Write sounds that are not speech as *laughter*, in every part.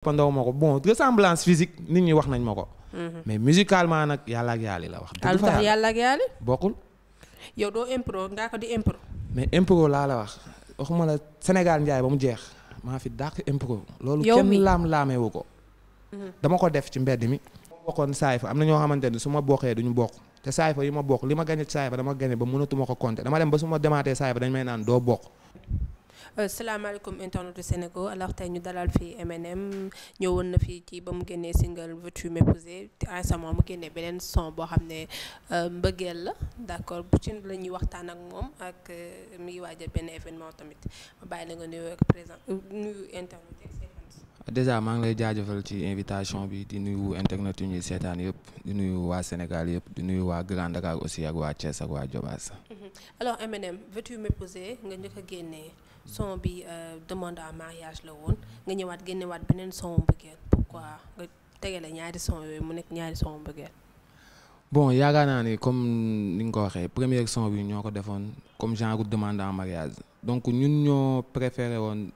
pandaw ma ko bon ressemblance physique nit ñi wax nañ ma ko. Mhm. mais musicalement nag yàlla yàlli la wax. dëgg fa yàlla ak yàlli bokkul. yow doo impro ngaa ko di impro. mais impro laa la wax waxuma la Sénégal njaay ba mu jeex maa fi dàq impro. loolu kenn laam laamee wu ko. Mhm. dama ko def ci mbedd mi. bokkoon saay fa am na ñoo xamante ne su ma bokkee duñu bokk te saay fa yi ma bokk li ma gañe saay fa dama gañe ba mënatuma ko compter dama dem ba su ma demaatee saay fa dañ may naan doo bokk. Euh, salaamaaleykum internet du Sénégal alors tey ñu dalal fii MNM ñëwoon na fii ci ba mu génnee single veux-tu m'épouser récemment mu génnee beneen son boo xam ne euh, mbëggeel la d'accord bu ci la ñuy waxtaan ak moom ak euh, mi ngi waajal benn événement tamit bay bàyyi la nga nuyoo ak présent nuyu internet maa ngi jaajëfal ci invitation bi di nuyu internet yu ñuy seetaan yëpp di nuyu waa Sénégal yëpp di nuyu waa Grand Dakar aussi ak waa Thiès ak waa Diobass. Mm-hmm. alors MNM veux-tu nga njëkk génnee. son bi euh, demande à mariage la woon nga ñëwaat génnewaat beneen son mbëggeel pourquoi nga tegale ñaari son yooyu mu nekk ñaari son mbëggeel bon yaakaar naa ni comme ni nga ko waxee première son bi ñoo ko defoon comme genre demande en mariage donc ñun ñoo préféré woon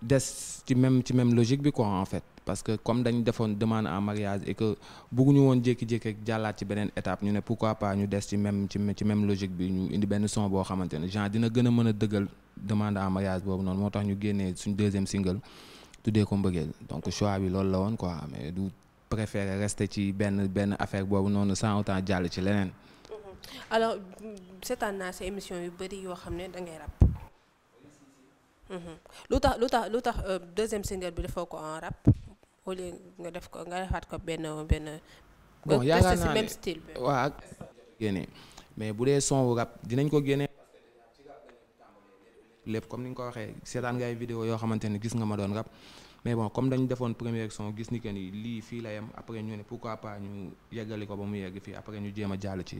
des ci même ci même logique bi quoi en fait parce que comme dañ defoon demande en mariage et que bëgguñu woon jékki-jékki rek jàllaat ci beneen étape ñu ne pourquoi pas ñu des ci même ci ci même logique bi ñu indi benn son boo xamante ne genre moo tax ñu génnee suñ deuxième single tuddee ko mbëggeel donc choix bi loolu la woon quoi mais du ci benn benn affaire boobu noonu sans autant jàll ci leneen. Mm-hmm. alors seetaan naa sa émission yu bëri yoo xam ne da ngay rap. Mm-hmm. lu tax lu tax lu euh, deuxième single bi defoo ko en rap. au lieu nga def ko nga defaat ko benn benn. bon yaakaar naa ne même style bi. waaw mais bu dee son rap dinañ ko génne. lépp comme ni nga ko waxee seetaan nga ay vidéo yoo xamante ne gis nga ma doon rap mais bon comme dañ defoon première son gis ni que ni lii fii la yem après ñu ne pourquoi pas ñu yeggali ko ba mu yegg fii après ñu jéem a jàll ci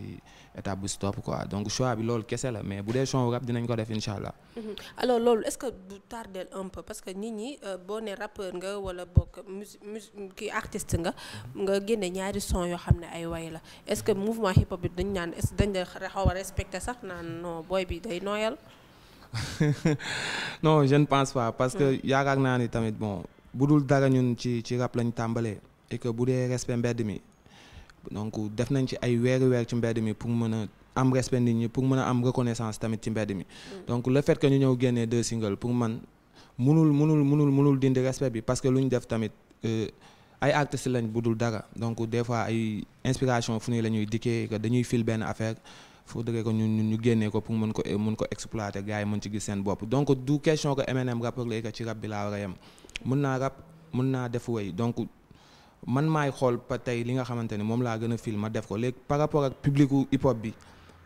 étape bu si topp quoi donc choix bi loolu kese la mais bu dee son rap dinañ ko def incha allah. Mhm. loolu est-ce que du tardel un peu parce que nit ñi euh, boo ne rappeur nga wala bokk mus mus kii artiste nga nga génne ñaari son yoo xam ne ay way la est-ce que mouvement hip hop bi dañ naan est-ce dañ sax naan non booy bi day nooyal. *laughs* non je pense pas parce que hmm. yaakaar naa ni tamit bon. bu dul dara ñun ci ci rap lañ tàmbalee et bu dee respect mbedd mi donc def nañ ci ay weeri weer ci mbedd mi pour mën a am respect nit ñi pour mën a am reconnaissance tamit ci mbedd mi. Mm. donc la fait ñu ñëw génnee deux singles pour man munul munul munul munul dindi respect bi parce que lu ñu def tamit euh, ay artistes lañ bu dul dara donc des fois ay inspiration fu ñuy la ñuy dikkee que dañuy fil benn affaire. foo que ko ñun ñu génnee ko pour mën ko mën ko exploiter gars yi mën ci gis seen bopp donc du question que MNM rap lay ko ci rap bi laa war a yem mën naa rap mën naa def woy donc man maay xool pa tey li nga xamante ne moom laa gën a film ma def ko léegi par rapport ak publicu hip hop bi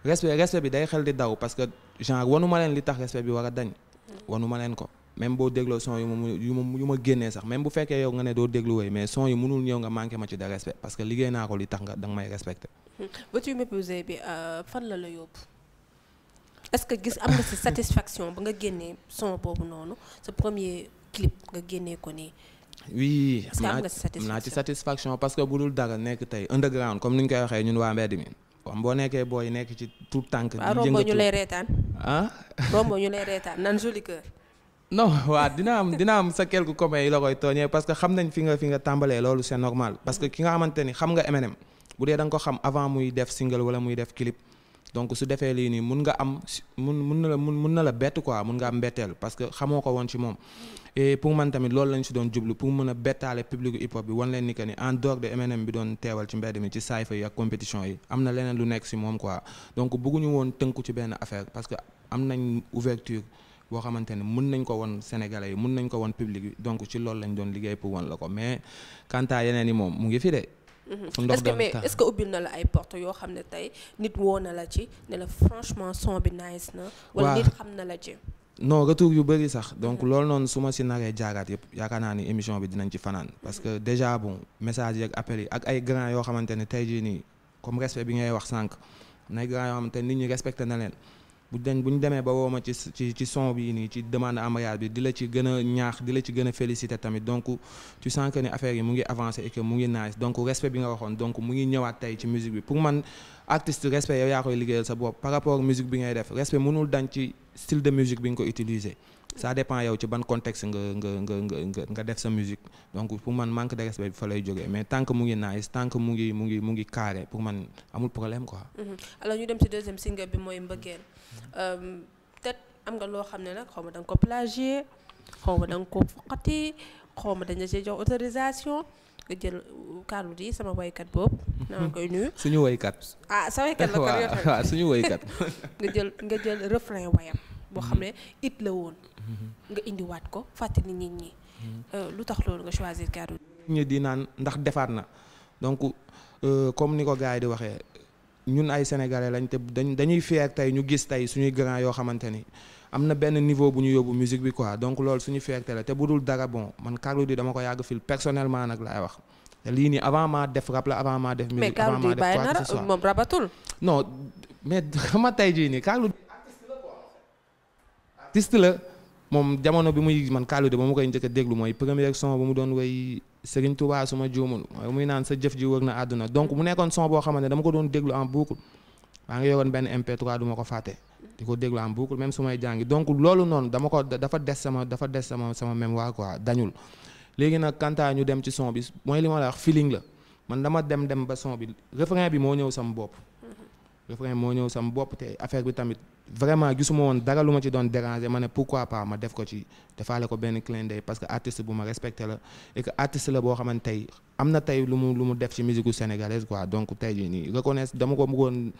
respect respect bi day xel di daw parce que genre wanu ma leen li tax respect bi war a dañ wanu ma leen ko même boo dégloo son yu ma génnee sax même bu fekkee yow nga ne doo déglu naa ko li tax nga danga may respecté veux-tu m'épouser bi euh, fan la la yóbbu est-ce que gis am nga ci satisfaction ba nga génnee son boobu noonu sa premier clip nga génnee ko nii. oui am naa ci satisfaction parce que bu dul dara nekk tey underground comme ni ñu koy waxee ñun waa mbedd mi. boo nekkee booy nekk ci tout tànk. di jëngatu rombo ñu lay reetaan. ah rombo ñu lay reetaan nan joli cœur. non waa dina am dina am sa quelques copains yi la koy tooñee parce que xam nañ fi nga fi nga tàmbalee loolu c'est normal parce que ki nga xamante ni xam nga MNM. bu dee da nga ko xam avant muy def single wala muy def clip donc su defee lii nii mun nga am mun mun na la mun na la bett quoi mun nga am mbetteel parce que xamoo ko woon ci moom et pour man tamit loolu lañ si doon jublu pour mën a bettaale public hip hop bi wan leen ni que ni en dehors de MNM bi doon teewal ci mbedd mi ci saayfa yi ak compétition yi am na leneen lu nekk si moom quoi donc bëgguñu woon tënku ci benn affaire parce que am nañ ouverture boo xamante ne mun nañ ko won Sénégalais yi mun nañ ko won public bi ci loolu lañ doon liggéey pour won la ko mais quant à yeneen moom mu ngi fi de. Mhm. est-ce que mais que ubbil na la ay porte yoo xam ne tey nit woo na la ci ne la franchement son bi nice na wala nit xam na la ci non retour yu bëri sax mhm. donc loolu noonu su ma si naree jaaraat yëpp yaakaar naa ni émission bi dinañ ci fanaan mhm. parce que déjà bon message yi ak yi ak ay grand yoo xamante ne tey jii nii comme respect bi ngay wax sànq nay grand yoo xamante nit ñi respecté na leen bu dañ bu ñu demee ba woo ma ci ci bii nii ci demande en mariage bi di la ci gën a ñaax di la ci gën a féliciter tamit donc tu sens ni affaire yi mu ngi avancer et que mu ngi nice donc respect bi nga waxoon donc mu ngi ñëwaat tey ci musique bi pour man artiste respect yow koy liggéeyal sa bopp par rapport musique bi ngay def respect mënul dañ ci style de musique bi nga ko utiliser. ça dépend yow ci ban contexte nga nga nga nga nga def sa musique donc pour man manque de respect bi fa lay jógee mais tant mu ngi nice tant que mu ngi mu ngi mu ngi carré pour man amul problème quoi. Mhm. alors ñu dem ci deuxième single bi mooy mbëggeel euh, peut-être am nga loo xam ne nag xaw ma da nga ko plagier xaw ma da nga ko foqati xaw ma dañ la see jox autorisation. nga jël kàddu di sama waykat boobu. naa koy nuyu suñu waykat. ah sa waykat la. *laughs* waaw suñu waykat. *laughs* nga jël nga jël refrain wayam. boo mhm. xam ne it la woon. Mhm. nga indiwaat ko fàttali nit ñi. Mhm. Euh, lu tax loolu nga choisir ñu di naan ndax defaat na donc euh, comme ni ko gars yi di waxee ñun ay sénégalais lañ te dañ dañuy fier tey ñu gis tey suñuy grand yoo xamante ni am na benn niveau bu ñu yóbbu musique bi quoi donc loolu suñu fierté la te bu dul dara bon man Carlou D dama ko yàgg fil personnellement nag lay wax. lii nii avant maa def rap la avant maa def. musique avant moom rabatul. non mais *laughs* xam tey jii nii Carlou D artiste la moom jamono bi muy man Kalou de ba mu koy njëkk a déglu mooy première son bu mu doon way Serigne Touba su ma juumul mooy muy naan sa jëf ji wër na àdduna donc mu nekkoon son boo xamante ne dama ko doon déglu en boucle maa ngi yoroon benn MP3 du ko fàtte. di ko déglu en boucle même su may jàngi donc loolu noonu dama ko dafa des sama dafa des sama sama mémoire quoi dañul léegi nag quant ñu dem ci son bi mooy li ma la wax feeling la man dama dem dem ba son bi refrain bi moo ñëw sama bopp. refrain moo ñëw sama bopp te affaire bi tamit vraiment gisuma woon dara lu ma ci doon déranger ma ne pourquoi pas ma def ko ci defaale ko benn clin d'œil parce que artiste bu ma respecté la et que la boo xamante tey am na tey lu mu lu mu def ci musique sénégalaise quoi donc tey jii nii reconnaître dama ko bëggoon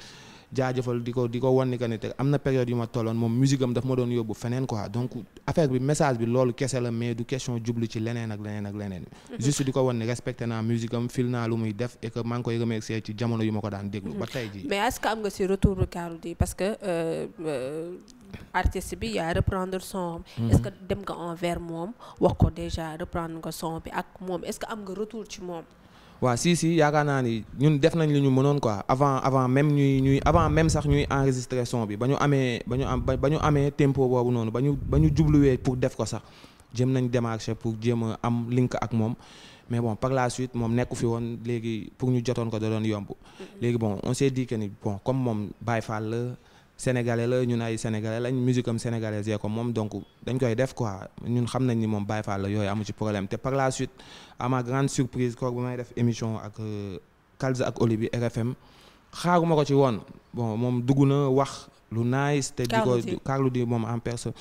jaajëfal di ko di ko wan ni que ne te am na période yu ma tolloon moom musique am daf ma doon yóbbu feneen quoi donc affaire bi message bi loolu kese la mais du question jublu ci leneen ak leneen ak leneen. Mm-hmm. juste di ko wan ni respecté naa musique am fil naa lu muy def et que maa ngi koy ci jamono yu ma ko daan déglu. ba tey jii mais est-ce am nga si retour Carlou D parce que euh, euh, artiste bi yaa reprendre son mm-hmm. est-ce que dem nga envers moom wax ko déjà reprendre nga son bi ak moom est-ce que am retour ci moom. waaw si si yaakaar naa ni ñun def nañ li ñu mënoon quoi avant avant même ñuy ñuy avant même sax ñuy enregistré son bi ba ñu amee ba ñu am ba ñu amee tempo boobu noonu ba ñu ba ñu jubluwee pour def ko sax jëm nañ démarché pour jéem a am link ak moom mais bon par la suite moom nekku fi woon léegi pour ñu jotoon ko da doon yombu léegi bon on s'est dit ni comme moom Baye sénégalais la ñun ay sénégalais lañ musique am sénégalaise yee ko moom donc dañ koy def quoi ñun xam nañ ni moom Baye Fall la yooyu amu ci problème te par la suite à ma grande surprise koor bu may def émission ak euh, Kalza ak Oli bi RFM xaaruma ko ci woon bon moom dugg na wax lu nice te di ko moom en personne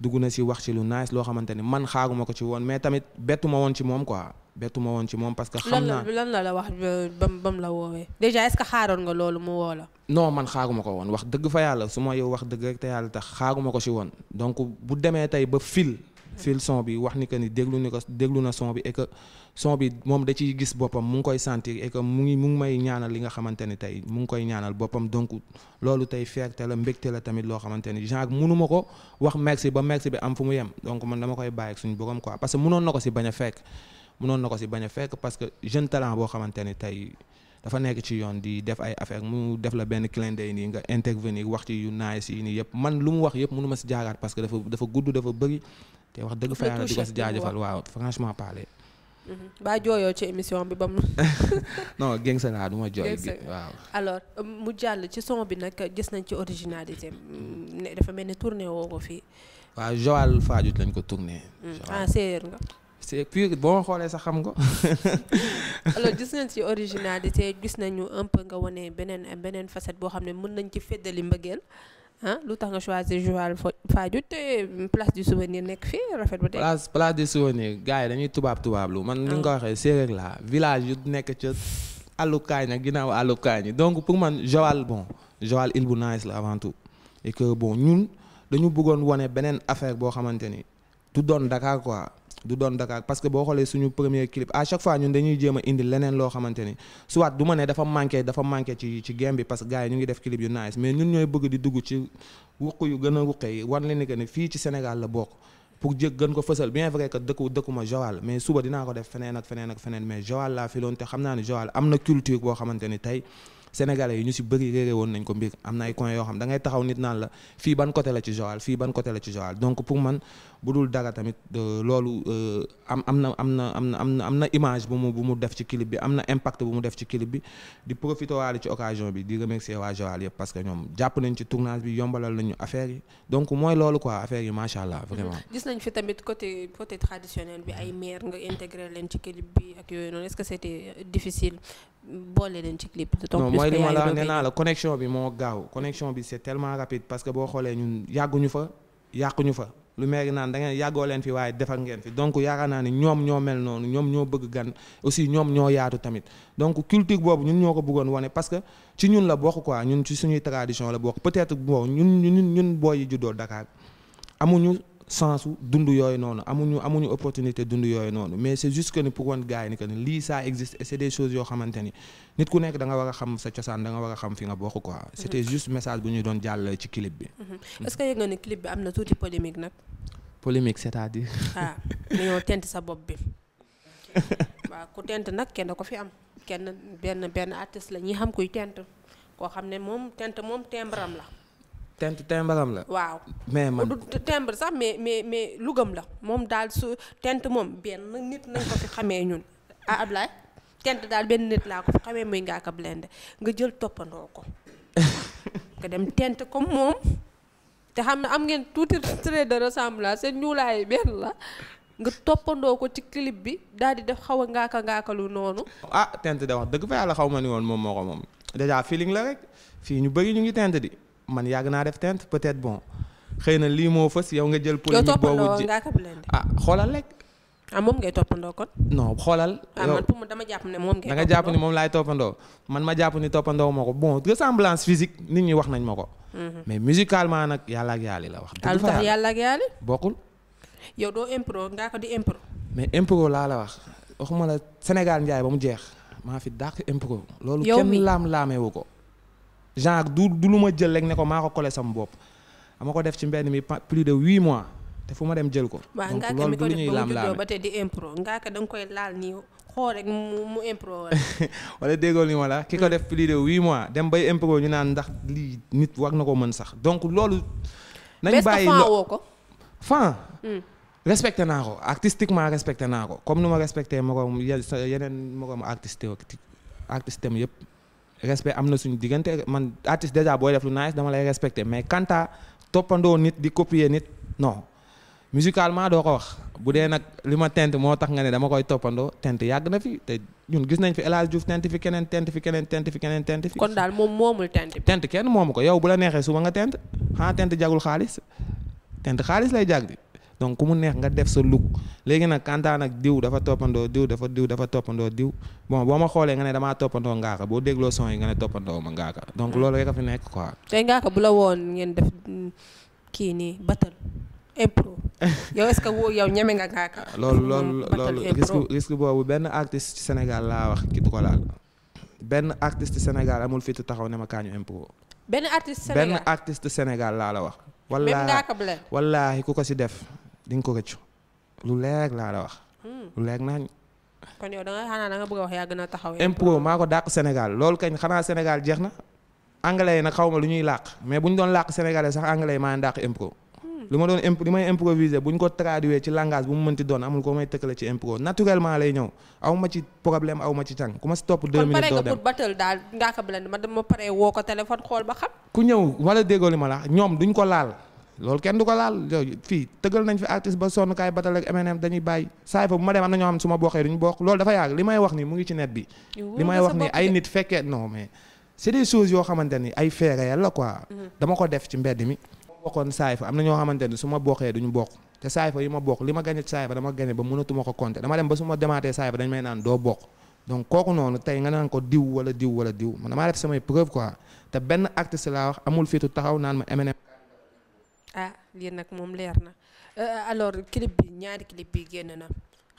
dugg na si wax ci lu nice loo xamante ni man xaaguma ko ci woon mais tamit bettuma woon ci moom quoi bettu ma woon ci moom parce que. xam naa lan la la wax euh, ba mu la woowee déjà est-ce nga loolu mu woo la. man xaaruma ko woon wax dëgg fa su ma yow wax dëgg rek te yàlla tax xaaguma ko si woon donc bu demee tey ba fil fil son bi wax ni que ni déglu ni ko déglu na son bi et que son bi moom da ciy gis boppam mu ngi koy sentir et mu ngi mu ngi may ñaanal li nga xamante ne tey mu ngi koy ñaanal boppam donc loolu tey fierté la mbégte la tamit loo xamante ni genre munuma ko wax merci ba merci bi am fu mu yem donc man dama koy bàyyi ak suñu borom quoi parce que munoon na ko si bañ a fekk munoon na ko si bañ a fekk parce que jeune talent boo xamante ne tey. dafa nekk ci yoon di def ay affaire mu def la benn clin nii nga intervenir wax ci yu naaj yi nii yëpp man lu mu wax yëpp mënu si jaagaat parce que dafa dafa gudd dafa bëri wax dëgg fa yàlla di ko si jaajëfal waaw franchement parler. Mm-hmm. baa jooyoo ci émission bi ba mu. *laughs* non geng sa laa du ma jooy. waaw alors euh, mu jàll ci son bi nag gis nañ ci originalité mm, ne dafa mel ni tourné woo fii. waaw Joal Fadiouth lañ ko tourné. Mm, ah séeréer nga. c'est boo xoolee sax xam nga. *laughs* alors gis nañ gis nañu un peu nga wane beneen beneen facette boo xam ne mën nañ ci feddali mbëggeel. ah lu tax nga choisir Joal Fadiouth te place du souvenir nekk fii rafet ba tey. du souvenir gars yi dañuy tubaab tubaab lu man ni ko ah. waxee séeréer la village yu nekk ca àllukaay na ginnaaw àllukaay ñi donc pour man Joal bon Joal île bu nice la avant tout et bon ñun dañu buggoon wane beneen affaire boo xamante ni du done Dakar quoi. du doon Dakar parce que boo xoolee suñu premier clip à chaque fois ñun dañuy jéem a indi leneen loo xamante ni soit du ma ne dafa manqué dafa manqué que gars ñu ngi def clip yu nice mais ñun ñooy bëgg di dugg ci wuq yu gën a wuqe yi wan ni que ne fii ci Sénégal la bokk pour jëg gën ko fësal bien vrai que dëkku dëkkuma Joal mais suba dinaa ko def feneen ak feneen ak feneen mais Joal laa fi te xam naa ne Joal am na culture boo xamante ni tey sénégalais yi ñu si bëri réeré woon nañ ko mbir am na ay coin yoo xam da taxaw nit naan la fii ban côté la ci Joal donc pour man bu dara tamit euh, loolu euh, am am na am na am na am image bu mu bu def ci clip bi am na impact bu mu def ci clip bi di profité waale ci occasion bi di remercier waa Joal yëpp parce que ñoom jàpp nañ ci tournage bi yombalal nañu affaire yi donc mooy loolu quoi affaire yi macha allah vraiment. Mm-hmm. gis nañ fi tamit côté côté bi ay boole leen ci clip. non mooy li ma la nee naa la connexion bi moo gaaw connexion bi c'est tellement rapide parce que boo xoolee ñun yàgguñu fa yàquñu fa. lu mel naan da yàggoo leen fi waaye defar ngeen fi donc yaakaar naa ni ñoom ñoo mel noonu ñoom ñoo bëgg gan aussi ñoom ñoo yaatu tamit donc culture boobu ñun ñoo ko bëggoon wane parce que ci ñun la bokk quoi ñun ci suñuy tradition la bokk peut-être bon ñun ñun ñun booy yi juddoo Dakar amuñu. chance dund yooyu noonu amuñu amuñu opportunité dund yooyu noonu mais c'est juste que ni pour wan gars yi ni que ni lii ça existe c'est des choses yoo xamante ni nit ku nekk da nga war a xam sa cosaan da war a xam fi nga bokk quoi. Mhm. c'était juste message bu ñu doon jàll ci clip bi. Mhm. est-ce que yëg nga ni clip bi am na tuuti polémique nag. polémique c'est-à-dire. ah tent sa bopp bi. *laughs* waaw ku tent nag kenn ko fi am kenn benn benn artiste la ñuy xam kuy tent koo xam ne moom tent moom timbre am la. tent tembalam la. waaw mais man du tembre sax mais mais mais lugam moom daal su tent moom benn nit nañ ko fi xamee ñun ah Ablaye tent daal benn nit laa ko fi xamee muy Ngaaka Blindé nga jël toppandoo ko nga dem tent comme moom te xam ne am ngeen tuuti trait de seen ñuulaay benn la nga toppandoo ko ci clip bi daal di def xaw a ngaaka ngaaka lu noonu. ah tent de wax dëgg fa yàlla xaw ma ni woon moom moo ko moom déjà feeling la rek fii ñu bëri ñu ngi tent di. man yàgg naa def teint peut-être bon xëy na lii moo fës yow nga jël. polémique boobu ah xoolal rek. ah moom ngay toppandoo kon. non xoolal. ah dama jàpp ne moom ngay. da jàpp ni moom laay toppandoo man ma jàpp ni toppandoo ma ko bon ressemblance physique nit ñi wax nañ ma ko. Mhm. mais musicalement nag yàlla ak la wax. Ah, dëgg fa yàlla ak yàlla bokkul. yow doo impro ngaa ko di impro. mais impro laa la wax waxuma la Sénégal njaay ba mu jeex maa fi dàq impro. loolu kenn laam laamewu ko. genre du du lu ma jël rek ne ko maa ko collé sama bopp ama ko def ci mbenn mi plus de huit mois te fu ma dem jël ko. donc loolu du lu ñuy laam laam ba tey di impro nga ko da koy laal nii xool rek mu mu impro wala *laughs* déggoo ni wala ki ko hmm. def plus de huit mois dem bay impro ñu naan ndax lii nit war na ko mën sax donc loolu. nañ bàyyi woo ko. fan. Hmm. respecté naa ko artistiquement respecté naa ko comme ni ma respecté ma ko yeneen ma ko artiste artiste am yëpp. respect am na suñu diggante man artiste déjà booy def lu nice dama lay respecté mais kanta à toppandoo nit di copier nit no musicalement doo ko wax bu dee nag li ma tent moo tax nga ne dama koy toppandoo tent yàgg na fi te ñun gis nañ fi El Hadj Diouf tent fi keneen tent fi keneen tent fi keneen tent fi. kon daal moom moomul tent tent kenn moomu ko yow bu la neexee suba nga tent xanaa tent jagul xaalis tent xaalis lay jag di. donc ku mu neex nga def sa look léegi nag kantaan ak diw dafa toppandoo diw dafa diw dafa toppandoo diw bon boo ma xoolee nga ne damaa toppandoo ngaaka boo dégloo son yi nga ne toppandoo ma ngaaka donc loolu rek a nekk quoi. tey ngaaka bu la woon ngeen mm, kii nii battle impro *laughs* yow est-ce que woo yow ñeme ah, loolu loolu mm, risque boobu benn artiste Sénégal laa wax ki du ko laal benn artiste Sénégal amul taxaw ne ma kaañu impro. benn artiste benn artiste Sénégal laa la wax. wallaahi wallaahi ku ko si def. di nga ko rëccu lu leer laa la wax. Hmm. lu leer naa yow da nga xanaa da a wax yaa gën a taxaw. impro maa ko dàq Sénégal loolu kañ xanaa Sénégal jeex na. anglais yi nag xaw ma lu ñuy làq mais bu ñu doon làq sénégalais sax anglais yi maa ngi impro. Hmm. lu ma doon imp li bu ñu ko traduire ci langage bu mu mënti doon amul ko may tëkkale ci impro naturellement lay ñëw aw ma ci problème aw ci tàng ku ma si topp deux minutes doo dem kon pare nga pour battle daal ngaa ko blend ma xool ba xam. ku wala déggoo li ma ñoom duñ ko laal loolu kenn du ko laal fii tëggal nañ fi artiste ba sonn kaay batal ak MNM dañuy bàyyi saay fa bu ma dem am na ñoo xam ne su ma bokkee duñu bokk loolu dafa yàgg li may wax ni mu ngi ci net bi li may wax ni ay nit fekkee non mais c'est des choses yoo xamante ni ay faits réels la quoi mm-hmm. ko def ci mbedd mi bokkoon saay fa am na ñoo xamante ni su ma bokkee duñu bokk te saay yi ma bokk li ma gañe saay fa dama ba mënatuma ko compter dama dem ba su ma demaatee saay fa may naan doo bokk donc kooku noonu tey nga naan ko diw wala diw diw man damaa samay preuve te benn artiste laa wax amul tu taxaw naan ma MNM ah lii nag moom leer na euh, alors clip bi ñaari kilip bi génn na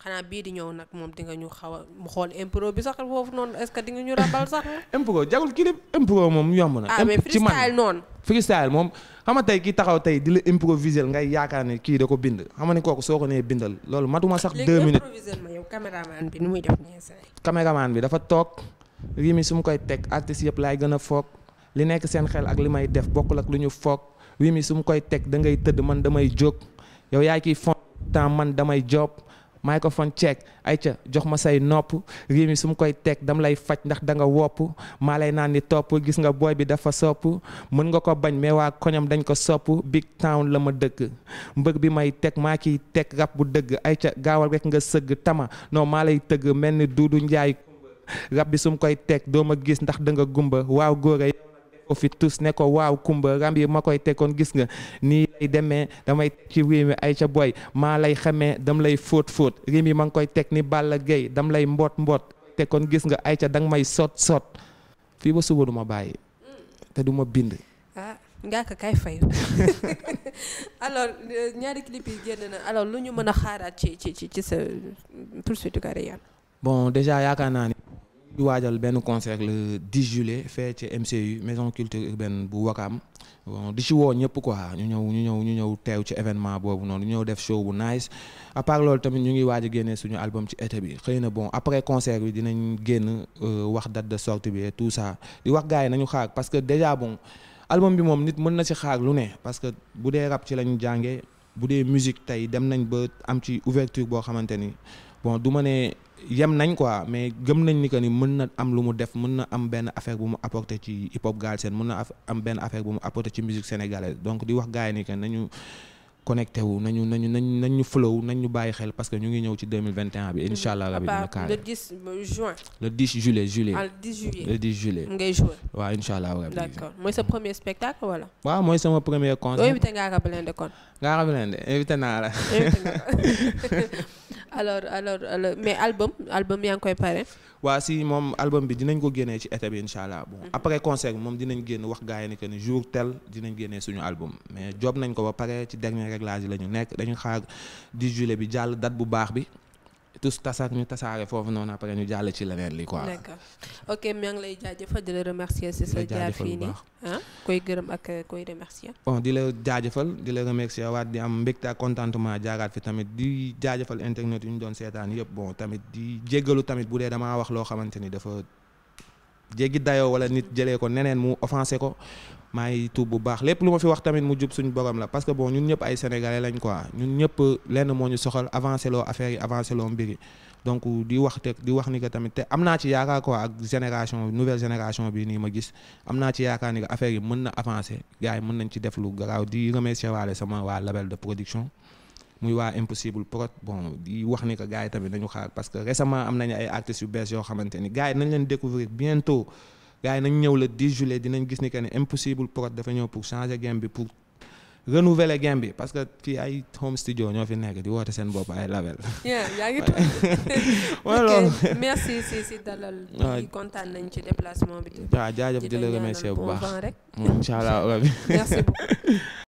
xanaa bii di ñëw nag moom di nga ñu xaw a mu xool impro bi sax foofu noonu est-ce que di nga ñu rabal sax. *laughs* impro jagul clip impro moom yomb na. ah mais freestyle noonu. freestyle moom xam nga tey ki taxaw tey di la improviser ngay yaakaar ne kii da ko bind xam nga ne kooku soo ko nee bindal loolu matuma sax. deux minutes léegi improviser ma yow caméraman bi nu muy def nii bi dafa toog mi su mu koy teg artistes yëpp laay gën a foog li nekk seen xel ak li may def bokkul ak lu ñu foog. wii mi su koy teg dangay tëdd man damay jóg yow yaay kiy fon temps man damay job microphone ay ca jox ma say nopp réew mi su koy teg dam lay faj ndax danga nga wopp maa lay naan ni topp gis nga booy bi dafa sopp mën nga ko bañ mais waa koñam dañ ko sopp big town la ma dëkk mbëg bi may teg maa kiy teg rap bu dëgg ay ayca gaawal rekk nga sëgg tama non maa lay tëgg mel ni Duudu Njaay rap bi su koy teg doo ma gis ndax danga gumba waaw góora ko fi tous ne ko waaw kumba ramb yi ma koy teg tekkoon gis nga nii lay demee damay teg ci réew mi ay ca booy maa lay xamee dam lay fóot fóot réew mi ma ngi koy teg ni Balla Gaye dam lay mboot mboot teg koon gis nga ay ca danga may sot sot fii ba suba duma bàyyi te duma bind ah, ngaa ko kay fay *laughs* alors euh, ñaari clip génn na alors lu ñu mën a xaaraat ci ci ci sa poursuite carrière bon déjà yaakaar naa ni di waajal benn concert le 10 juillet fee ci MCU maison culture urbaine bu Wakaam di ci woo ñëpp quoi ñu ñëw ñu ñëw ñu ñëw teew ci événement boobu noonu ñu ñëw def show bu nice à part loolu tamit ñu ngi waaj a génne suñu album ci été bi xëy na bon après concert bi dinañ génn euh, wax date de sortie bi et tout ça di wax gars yi nañu xaar parce que déjà bon album bi moom nit mën na ci xaar lu ne parce que bu dee rap ci lañu jàngee bu dee musique tey dem nañ ba am ci ouverture boo xamante ni yem nañ quoi mais gëm nañ ni que ni mën na am lu mu def mën na am benn affaire bu mu apporté ci hip hop Galsen mën na am benn affaire bu mu apporté ci musique sénégalaise donc di wax gars yi ni que nañu connecté wu nañu nañu nañu nañu flow nañu bàyyi xel parce que ñu ngi ñëw ci 2021 bi incha allah rabi dina kaare le 10 euh, juin. le 10 juillet juillet. ah le 10 juillet le 10 juillet. ngay joué waaw incha allah rabi. d'accord mooy sa premier spectacle wala. waaw mooy sama premier concert. doo invité Ngaka Blindé kon. Ngaka Blindé alors alors alors mais album album yaa ngi koy pare. waa si moom album bi dinañ ko génnee ci été bi incha allah bon mhm. après concert bi moom dinañ génn wax gars yi ni que ni jour tel dinañ génnee suñu album mais job nañ ko ba pare ci dernier réglage yi la ñu nekk dañu xaar 10 juillet bi jàll dat bu baax bi. tous tasaak ñu tasaare foofu noonu après ñu jàll ci leneen li ko d'accord ok maa ngi lay jaajëfal di la remercier si sa jaar fii ah, koy gërëm ak koy di la jaajëfal di la remercier waat di am mbégte ak contentement jaagaat fi tamit di jaajëfal internet yu ñu doon seetaan yëpp bon tamit di jéggalu tamit bu dee damaa wax loo xamante ni dafa. jéggi dayoo wala nit jëlee ko neneen mu offensé ko maa ngi tuub bu baax lépp lu ma fi wax tamit mu jub suñu borom la parce que bon ñun ñëpp ay sénégalais lañ quoi ñun ñëpp lenn moo ñu soxal avancé loo affaire yi avancé loo mbir yi donc di wax te di wax ni ko tamit te am naa ci yaakaar quoi ak génération nouvelle génération bi nii ma gis am naa ci yaakaar ni que affaire yi mën na avancé gars yi mën nañ ci def lu garaaw di remercier waale sama waa label de production. muy waa impossible prod bon di wax ni que gars yi tamit nañu xaar parce que récemment am nañu ay artistes yu bees yoo xamante ni gars yi nañ leen découvrir bientôt gars nañ nañu ñëw le 10 dinañ gis ni que ne impossible prod dafa ñëw pour changer game bi pour renouveler game bi parce que fii ay home studio ñoo fi nekk di woote seen bopp ay label. yaa ngi tudd. *laughs* voilà merci si si dalal. waaw kontaan nañ ci bu baax. incha allah. *laughs* merci beaucoup. *laughs*